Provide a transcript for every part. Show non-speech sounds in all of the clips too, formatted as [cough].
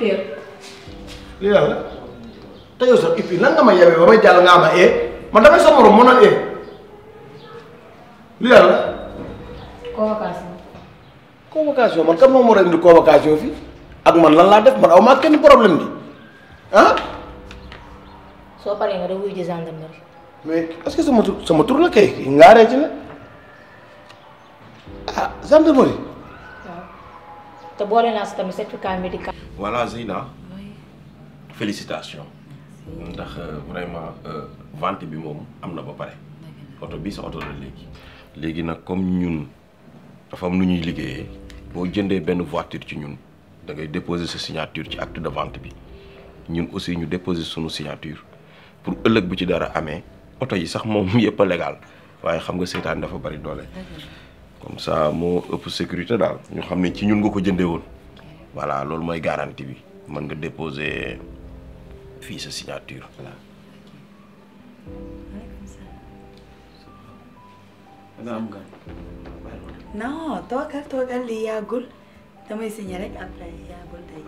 déet. tayo yàlla te yow sax et puis lan nga ma yebee ba may jàll nga am a ee man damay sa morom mën a ee li yàlla. convocation. convocation man kan moom moo indi convocation fii ak man lan laa man ma kenn problème bi ah. soo paree nga da wuyu ji gendarmerie. mais est-ce que sama tur sama ah gendarmerie. te boole naa si tamit certificat médical. voilà Zeyna félicitation ndax euh, vraiment euh, vente bi moom am na ba pare. oto bii sa oto la léegi. léegi nag comme ñun dafa am lu ñuy liggéeyee boo jëndee benn voiture ci ñun da ngay déposer sa signature ci acte de vente bi ñun aussi ñu déposer sunu signature pour ëllëg bu ci dara amee oto yi sax moom yëpp a légal waaye xam nga seytaan dafa bari doole. comme ça moo ëpp sécurité daal ñu xam ne ci ñun nga ko jëndee woon voilà loolu mooy garantie bi mën nga déposer fii sa signature non toogal toogal li yàggul damay signé rek après yàggul day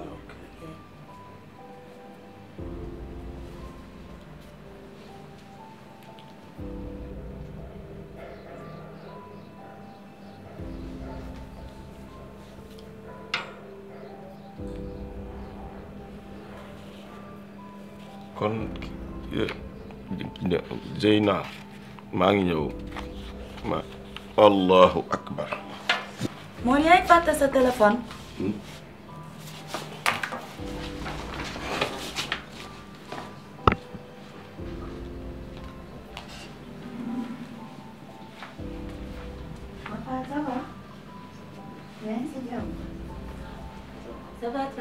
kon Zeyna ma ngi ñew ma allahu akbar mo yaay fàtte sa telephone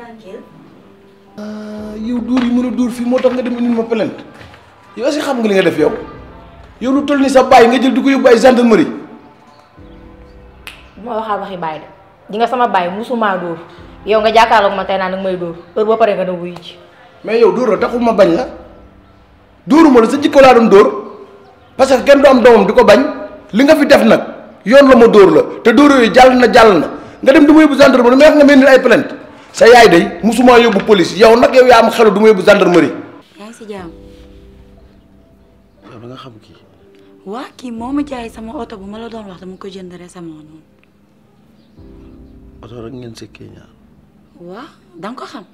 Thank you. Eh, yow dóor yi mën a dóor fii moo tax nga dem indil ma plainte yow est xam nga li nga def yow yow lu toll ni sa bàyyi nga jël di ko yóbbu ay gendarmerie. bu ma waxaat waxi bàyyi de di nga sama bàyyi musumaa dóor yow nga jàkkaarloog ma tey naa nag may dóor heure ba pare nga ne wuyu ci mais yow dóor la taxul ma bañ la dóoruma la sa jikko laa doon dóor parce que kenn du am doomam di ko bañ li nga fi def nag yoon la ma dóor la te dóor yooyu jàll na jàll na nga dem di ma yóbbu gendarmerie mais wax nga mel ay plainte sa yaay day musuma yobbu police yow nak yow ya am xelu dumay bu gendarmerie. yaa ngi si jàmm. yow da nga xam ki wa ki moma jaay sama auto bu mala doon wax dama ko jëndere sama non. auto rek ngeen sekkee ñaar. wa da nga ko xam.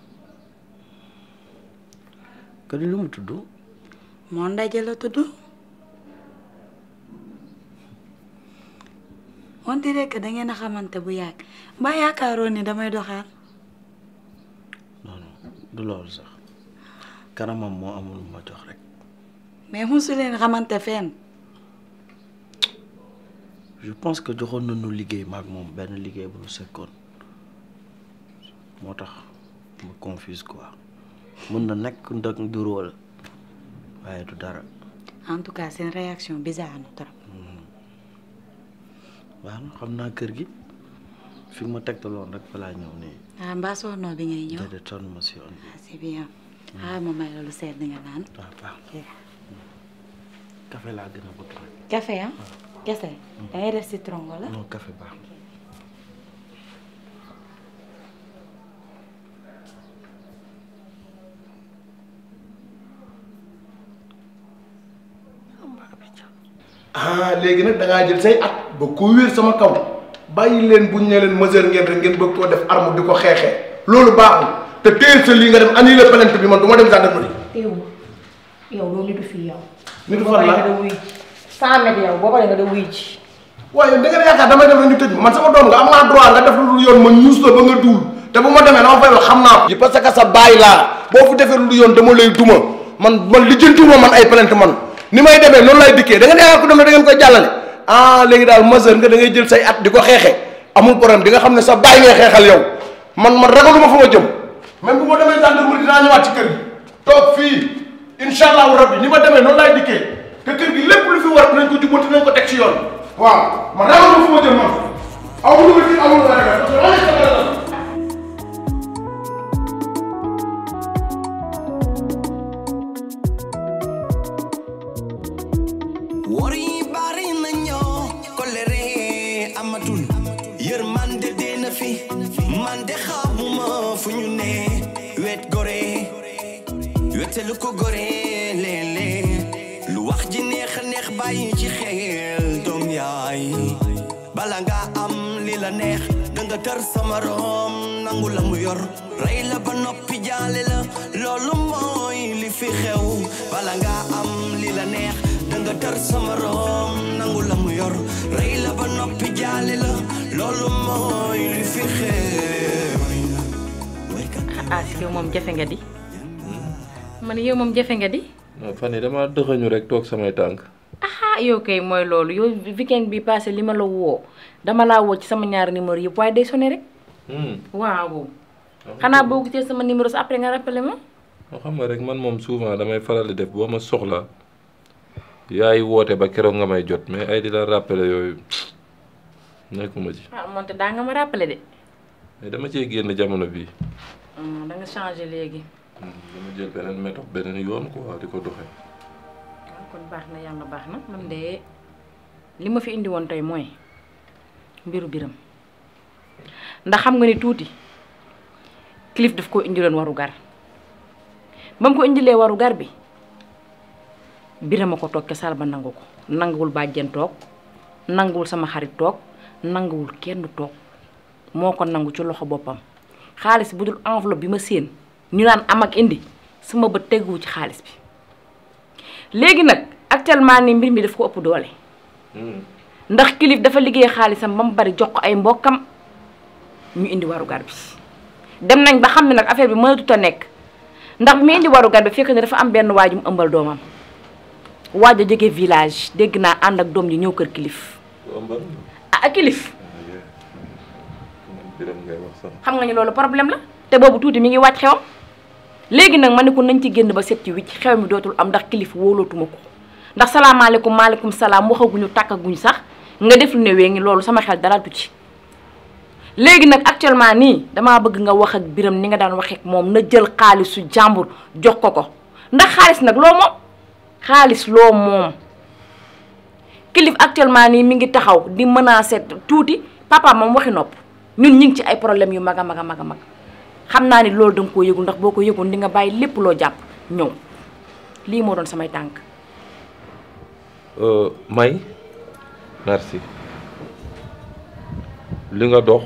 kër lu mu tuddu mo ndaje la tuddu on dirait que da ngeen xamanté bu yaak ba yaakaaroon ni damay doxaat. du loolu sax kanamam moo amul ma jox rek. mais musu leen xamante fenn. je pense que joxoon nañu liggéey maak moom benn liggéey bu ñu sekkoon moo tax ma confuse quoi mun na nekk ndag duroo la waaye du dara. en tout cas seen réaction bizarre na trop. Hmm. waaw xam naa kër gi. fi ma tegtaloon rek balaa ñëw nii. ah mbaa soxna bi ngay ñëw déedéet sonn bi. ah c'est bien mm. ah ma may loolu seet ah, mm. laa gën a bëgg nag. café ah. ah. kese mm. da ngay citron wala. non café baax ah, léegi nag da jël say at ba ko wér sama kaw. bàyyi leen buñ ne leen mesure ngeen rek ngeen bëgg koo def arme di ko xeexee loolu baaxul te téye sa lii nga dem annulé plainte bi man du ma dem gendarmerie. teewul yow loolu nitu fii yow. nitu fan la nga da wuy yow boo paree nga da wuy ji. waaye da nga yaakaar damay def rek ñu tëj man sama doom nga am naa droit nga def lu dul yoon ma ñuus la ba nga duul te bu ma demee dama fay wax xam naa ko. parce que sa baay laa boo fi defee lu dul yoon dama lay duma man man lijjantiwuma man ay plainte man ni may demee noonu lay dikkee da nga yaakaar ku dem ne da ngeen koy jàllale ah léegi daal majeur nga da ngay jël say at di ko xeexe amul problème di nga xam ne sa bàyyi ngay xeexal yow man man ragaluma fa ma jëm même bu ma demee gendarmerie dinaa ñëwaat ci kër gi toog fii incha allahu rabbi ni ma demee noonu laay dikkee te kër gi lépp li fi war nañ ko jubbanti nañ ko teg ci yoon waaw man ragaluma fa ma jëm man amul lu ma ci amul la ragal man de xamuma fu ñu ne wet gore wetelu ko gore léeg-léeg lu wax ji neex neex bàyyi ci xel doom yaay bala am li la neex danga tër sama nangu la mu yor rey la ba noppi jaale la loolu mooy li fi xew bala am li la neex gadar sama rom nangu la mu yor ada la ba noppi jaale la loolu mooy li fi yow nga di man yow nga di dama rek samay yow kay yow weekend bi passé li la dama laa woo ci sama ñaari numéro yëpp waaye day sonné rek hmm. waaw xanaa boo gisee sama numéro après nga rappelé ma xam nga rek man moom souvent damay e faral di def soxla yaay woote ba keroog nga may jot mais ay di la rappeler yooyu nekkuma ci. ah moonte daa nga ma ràppale de. mais dama cee génn jamono bii. Hmm, da nga changé léegi. Hmm, dama jël beneen méthode beneen yoon di ko doxee. Ah, kon baax na yàlla baax na man de li ma fi indi woon tey mooy mbiru biram ndax xam nga ni tuuti Kilif daf koo indiloon warugar ba mu ko indilee warugar bi. biram a ko toog ke ba nangu ko nanguwul bàjjen toog nanguwul sama xarit toog nanguwul kenn toog moo ko nangu ci loxo boppam xaalis bu dul enveloppe bi ma séen ñu naan am ak indi suma bët teguwu ci xaalis bi léegi nag actuellement ni mbir mi daf ko ëpp doole hmm. ndax kilif dafa liggéey xaalisam ba bari jox ko ay mbokkam ñu indi warugar bi dem nañ ba xam ne nag affaire bi mënatut a nekk ndax bi mu indi warugar bi fekk ne dafa am benn waajum ëmbal doomam waaj a jóge village dégg naa ànd ak doom ji ñëw kër kilif ah, ah kilif ah, xam nga ni loolu problème la te boobu tuuti mi ngi wàcc xewam léegi nag ma ne ko nañ ci génn ba set ci wicc xew mi dootul am ndax kilif wóolootuma ko ndax salaamaaleykum maaleykum salaam waxaguñu tàkkaguñ sax nga def lu ne wee ngi loolu sama xel dara du ci léegi nag actuellement nii damaa bëgg nga wax ak biram ni nga daan waxee moom na jël xaalisu jàmbur jox ko ko ndax xaalis nag loo xaalis lo mom, kilif actuellement ni mi ngi taxaw di menacer touti papa mom waxi nop ñun ñing ci ay problème yu maga maga, maga mag xamna ni lool dang ko yegul ndax boko yegul di nga bay lepp lo japp ñew li mo doon samay euh may merci li nga dox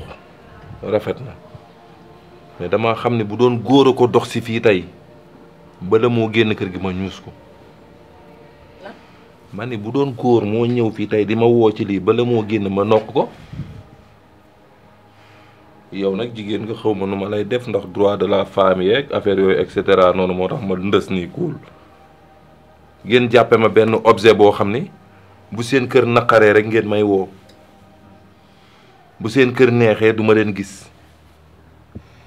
rafet na mais dama xamni bu doon ko dox fi tay ba bala mo genn keur gi ma ñuus ko mani bu doon koor mo ñew fi tay di ma woo ci ba bala mo genn ma nok ko yow nak jigen nga xawma nu ma lay def ndax droit de la femme yek affaire yoy et cetera noonu moo tax ma ndess ni cool genn jappé ma ben objet bo xamni bu seen kër naqaree rek ngeen may wo bu seen kër nexé duma len gis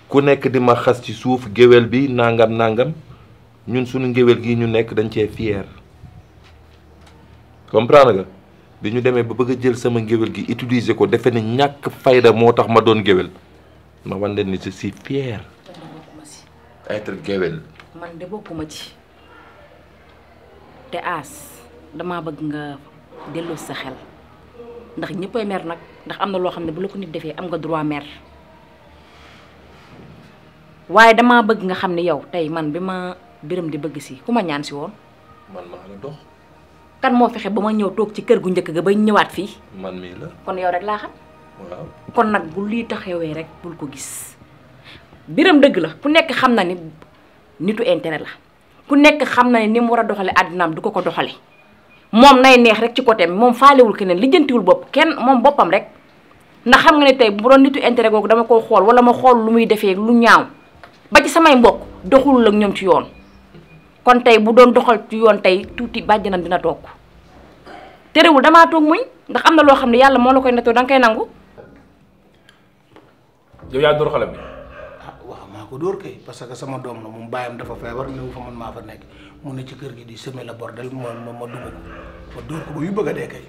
ku nek di ma xass ci souf gewel bi nangam nangam ñun suñu gewel gi ñu nek dañ ci fier comprendre nga biñu démé ba bëgg jël sama ngeewel gi utiliser ko défé ne ñak fayda moo tax ma doon ngeewel ma wan ni ci si fier être ngeewel man de bokuma ci té as dama bëgg nga delloo sa xel ndax ñëppay mer nak ndax am lo xamné bu la ko nit défé am nga droit mer waye dama bëgg nga xamné yow tay man bima ma biram di bëgg ci kuma ñaan ci woon man ma la dox kan moo fexe ba ma ñëw toog ci kër gu njëkk ga ba ñëwaat fii. man mii la kon yow rek xam. kon nag bu lii taxawee rek bul ko gis. biram dëgg la ku nekk xam na ni nitu intérêt la ku nekk xam na ni mu war a doxalee àddinaam du ko ko doxalee moom nay neex rek ci côté moom faalewul keneen lijjantiwul bopp kenn moom boppam rek. ndax xam nga ne tey bu doon nitu intere googu dama koo xool wala ma xool lu muy defee lu ñaaw ba ci samay mbokk doxulul ak ñoom ci yoon kon tey bu doon doxal ci yoon tey tuuti bàjjanam dina toog terewul damaa toog muñ ndax am na loo xam ne yàlla moo la koy nettoo danga koy nangu. yow yaa dóor xale bi. ah waaw maa ko dóor kay parce que sama doom la moom bàyyam dafa feebar néew fa man maa fa nekk mun ne ci kër gi di semer la bordel ma ma ma dugg ko ma dóor ko ba yu bëgg a dee kay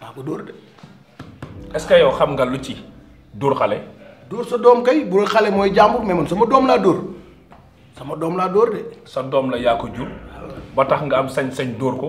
maa ko dóor de. est que yow xam nga lu ci dóor xale. dóor sa doom kay bu xale mooy jàmbur mais man sama doom laa dóor sama doom laa dóor de. sa doom la yaa ko jur ba tax nga am sañ-sañ dóor ko.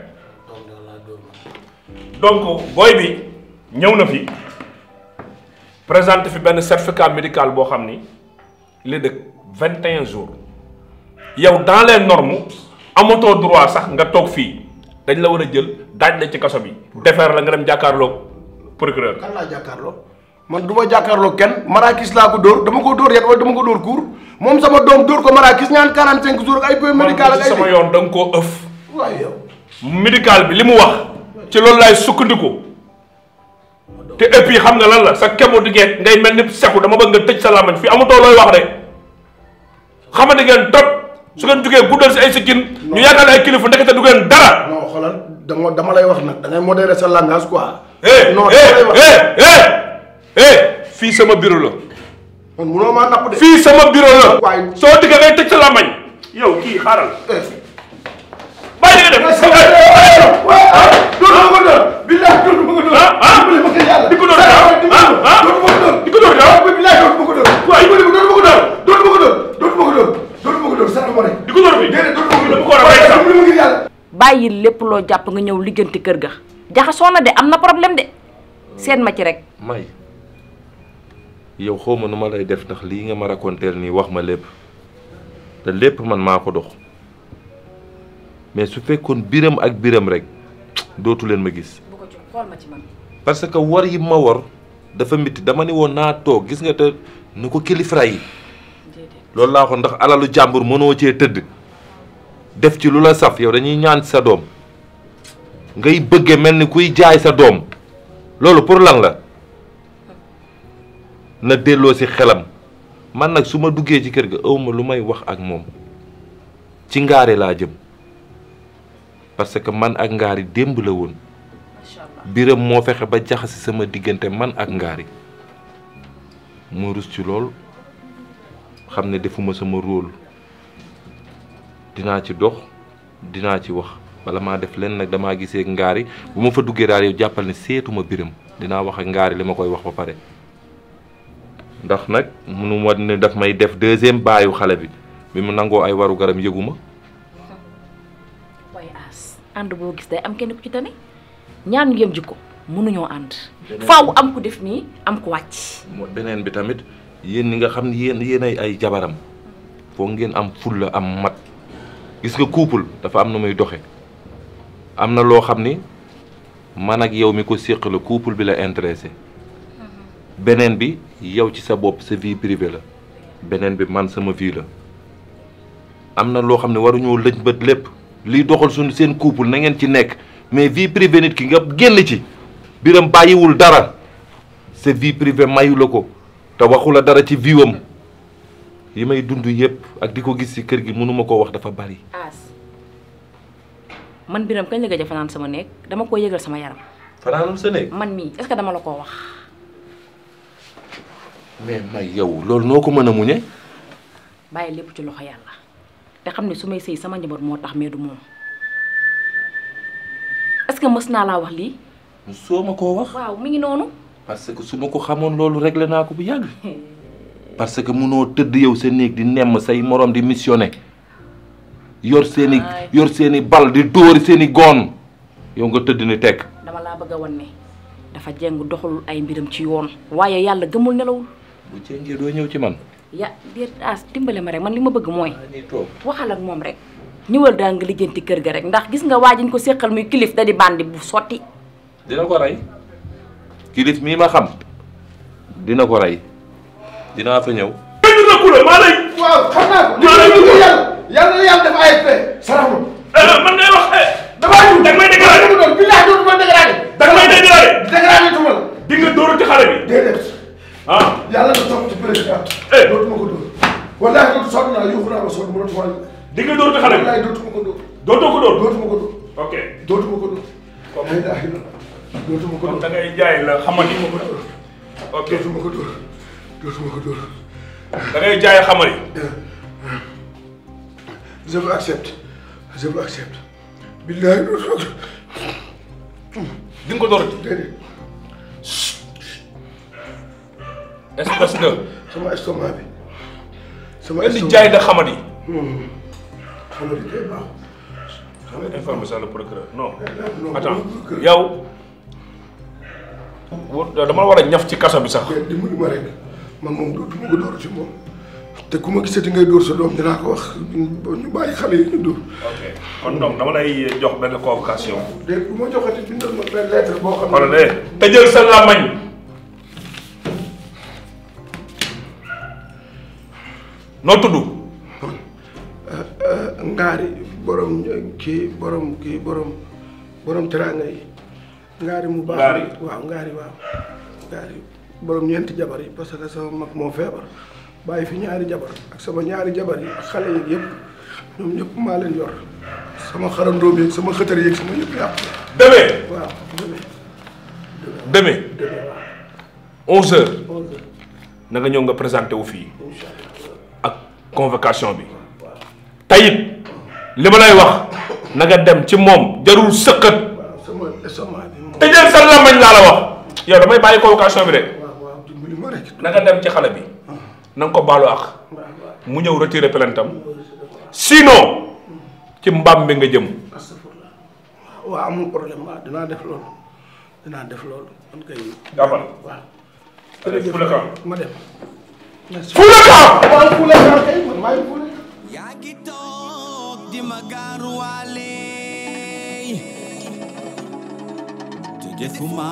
donc boy bi ñëw na fi présenté fi ben certificat médical bo xamni ni il est de vingt jours yow dans les normes amoto droit sax nga tok fi. dañ la wara jël daaj la ci kasso bi. defeer la nga dem jakarlo procureur. kan la jakarlo? man duma jakarlo ken, kenn marakis laa ko dor, dama ko dor yet dama ko dor cour. Mom sama dom dor ko marakis ñaan 45 jours ak ay. peu médical ak ay sama yoon dang ko euf. ëff. yow. médical bi limu wax. ci loolu lay sukkandiku te et puis xam nga lan la sa kemu diggee ngay mel ni dama bëgg nga tëj sa fi amutoo looy wax de xamante ngeen top su ngeen jugee guddal si ay sikin ñu yaakaar ay kilifa ndekete du ngeen dara. non xolal dama dama lay wax nag da ngay modérer sa langage quoi. non eh eh fii sama biro la. man munoo maa napp de. fii sama biro la. soo ngay tëj sa yow kii xaaral. bàyyi nga def. bàyyi lépp loo jàpp nga ñëw lijjanti kër ga jaxasoo na de am na problème de seen ma ci rek. may yow xaw ma nu ma lay def ndax lii nga ma raconter nii wax ma lépp te lépp man maa ko dox mais su fekkoon biram ak biram rek. dootu leen ma gis. parce que war yi ma wor dafa métti dama ne woon naa toog gis nga te ni ko kilifra yi. loolu laa ko ndax alalu jàmbur mënoo cee tëdd def ci lu la saf yow dañuy ñaan sa doom ngay bëgge mel ni kuy jaay sa doom loolu pour lan la na delloo si xelam man nag su ma duggee ci kër ga awma lu may wax ak moom ci ngaare laa jëm parce que man ak ngaari démb la woon biram moo fexe ba jaxasi sama diggante man ak ngaari mu rus ci lool xam ne defuma sama rôle dinaa ci dox dinaa ci wax bala maa def leen nag damaa gisee ngaari bu ma fa duggee daal yow jàppal ne seetuma biram dinaa wax ak ngaari li ma koy wax ba pare ndax nag munu ma ne daf may def deuxième baayu xale bi bi mu nangoo ay waru garam yëguma ànd boo gis day am kenn ku ci tane ñaar ñu yem jikko mënuñoo ànd. faaw am ku def nii am ku wàcc. beneen bi tamit yéen ñi nga xam ni yéen yéenay ay jabaram foo ngeen am fulla am mat gis nga couple dafa am na muy doxe am na loo xam ni man yow mi ko séq la bi la intéressé mm-hmm. beneen bi yow ci sa bopp sa vie privée la beneen bi man sama vie am na loo xam ne waruñoo lëj bët lépp. li doxal sun sen couple na ngeen ci nek mais vie privée nit ki nga genn ci biram dara c'est vie privée mayu la ko te dara ci viwam wam yimay dundu yep ak diko gis si kër gi mënuma koo wax dafa bari as man biram kañ la gëj fanan sama nek dama ko yëgal sama yaram fanaanum sa nek man mi est ce que dama la koo wax mais may yow lool noko muñe ci loxo yalla té xamné sumay sey sama njabot moo tax du est-ce que mësna la wax li suma ko wax. waaw mi ngi nonu parce que suma ko xamone loolu réglé naa ko bu yàgg. [laughs] parce que mëno teud yow sa neeg di nem say morom di missioné yor seni yor seni bal di seni seni gon yow nga teud ni tek dama la bëgg a wan dafa jéng doxul ay mbiram ci yoon. waye yalla gëmul nelawul. bu jéngee do ñew ci man. ya déet as dimbale ma rek man li ma bëgg mooy ah, waxal ak moom rek ñëwal daa nga lijjanti kër gi rek ndax gis nga waajiñ ko séqal muy kilif da di bandi bu sotti dina ko rey kilif mii ma xam dina ko rey dinaa fa ñëw benn na kula maa lay waaw xam eh, man ngay wax eh. damaa ñu danga may dégrade doon bi laa doon ma dégrade danga may dégrade dégrade tumal ci xale bi ah yàlla nga topp ci président. Eh. dootuma ko dóor. wallaahi dootu sonn naa yuuxu naa ba sonn mënatu ma. di nga dóor bi xale bi wallaahi dootuma ko dóor. dootoo ko dóor dootuma ko dóor. ok dootuma ko dóor. comme ay daay la dootuma ko dóor da ngay jaay la xamali. ok dootuma ko dóor dootuma ko dóor. da ngay jaay xamali. je vous accepte je vous accepte. billaahi dootuma ko dóor. di nga ko dóor déedéet. espèce de. sama estomac bi. sama estomac bi jaay da xamadi. xamadi hmm. eh, eh, day euh, dama war a ñaf ci kaso bi sax. te ku ma gisati ngay dóor sa doom dinaa ko wax ñu bàyyi xale yi ñu dóor. kon donc dama lay jox benn convocation. dégg bu ma joxati bindal ma benn lettre boo xam ne. te jël eh, sa làmmañ. no tuddu eh, eh, ngari borom ki borom ki borom borom teranga yi. Ngari mu baax waaw Ngari waaw. ngari borom ñent jabar yi parce que sama mak mo febar Bayi fi ñaari jabar ak sama ñaari jabar yi ak xale yi yépp ñom ñëpp ma leen yor sama xarandoo bi sama xëtër yeeg sama yëpp yàpp. démé waaw démé démé 11h. 11h nga ñëw nga présenté wu fi inshallah convocation bi tayit li ma lay wax na dem ci moom jarul sëqët te jël sa lamañ laa la wax yow damay bàyyi convocation bi rek na dem ci xale bi na ko baalu ak mu ñëw retiré plaintam sinon ci mbaam bi nga jëm. waaw amul problème ah, dinaa def loolu def loolu fuule ka waaw fuule ka kay man maa ngi fuule ka yaa ngi toog di ma gaaruwaale te defuma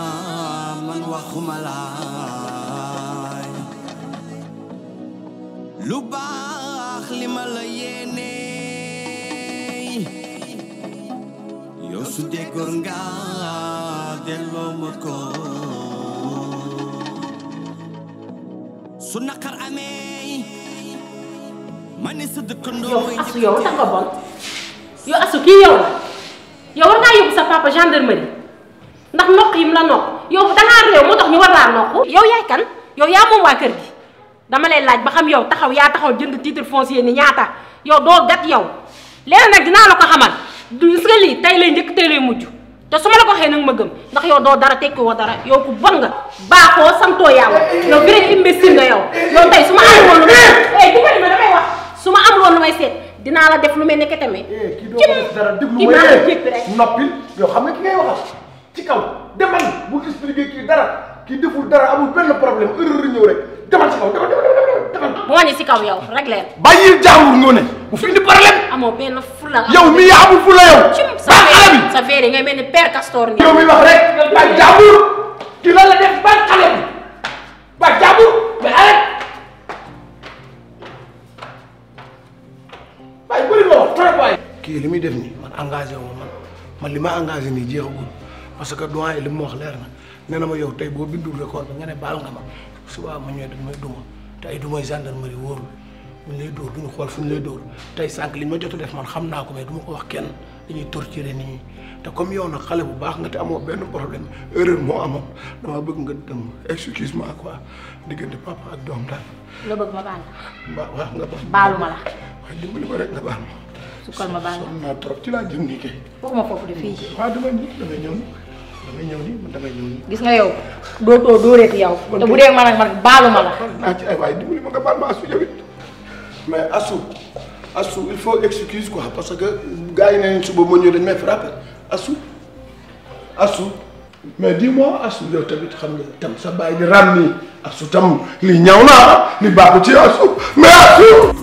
man waxuma laay lu baax li ma la yéene yow su dee góor nga delloo ma ko su naqar amee ma ne sa dëkkandoo. yow asu yow tax yow kii yow yow war ngaa yóbbu sa papa gendarmerie ndax nokk yi mu la nokk yow da ngaa réew moo tax ñu war laa nokk. yow yaay kan yow yaa moom waa kër gi dama lay laaj ba xam yow taxaw yaa taxaw jënd titre foncier ni ñaata yow doo gat yow léegi nag dinaa la ko xamal du gis tey lay njëkk tey lay mujj. te su ma la ko waxee nag ma gëm ndax yow doo dara tekki woo dara yow ku bon nga baaxoo santoo yàlla yow vrai imbécile nga yow yow tey su ma amul woon lu may seet bu eh may seet dinaa la def lu mel ne que tamit. Eh, kii doo ko dara déglu ma eh, rek noppil yow xam ne ki ngay waxal ci kaw demal bu expliqué kii dara. kii deful dara amul benn problème heure ñëw rek demal si kaw demal demal demal. boo ne si kaw yow rek leen. bàyyi jaawul ngoo ne bu fi indi problème. amoo benn fula. yow mi yaa amul fula ki la la def ba xale bi ba jaawul mais arrête. waaye bëri kii li muy def nii man engagé wu ma man man li ma engagé nii jeexagul. parce que doyen li mo wax leer na nee na ma yow tay bo bindul record bi nga ne baal nga ma suba ma ñëwee dañ may duma tay ay dumay gendarmerie wor ñu lay door duñu xol fuñ lay door tay sank li ma jottu def man xamna ko mais duma ko wax kenn dañuy torturer ni ñi te comme yow na xalé bu baax nga te amo benn problème erreur mo amo dama bëgg nga dem excuse moi quoi diggante papa ak dom da nga bëgg ma baal ba wax nga baal. baalu ma la. waaye dimbali ma rek nga baal ma. sukkal ma baal la sonn naa trop ci laa jëm nii kay. waxuma foofu de fii. waaw dama ñëw dama ñëw damay ñëw nii man damay ñëw nii. gis nga yow que dóoreeti yow. te bu de man ak man baalu ma la. naa ci ay waay que ma nga baal ma asu yow mais asu asu il faut excuse quoi parce que gars yi ne que suba ma ñëw dañ may frappé asu asu mais dis-moi asu yow tamit xam nga tam sa bàyyi di ram nii asu tam li ñaaw naa li baku ci asu mais asu.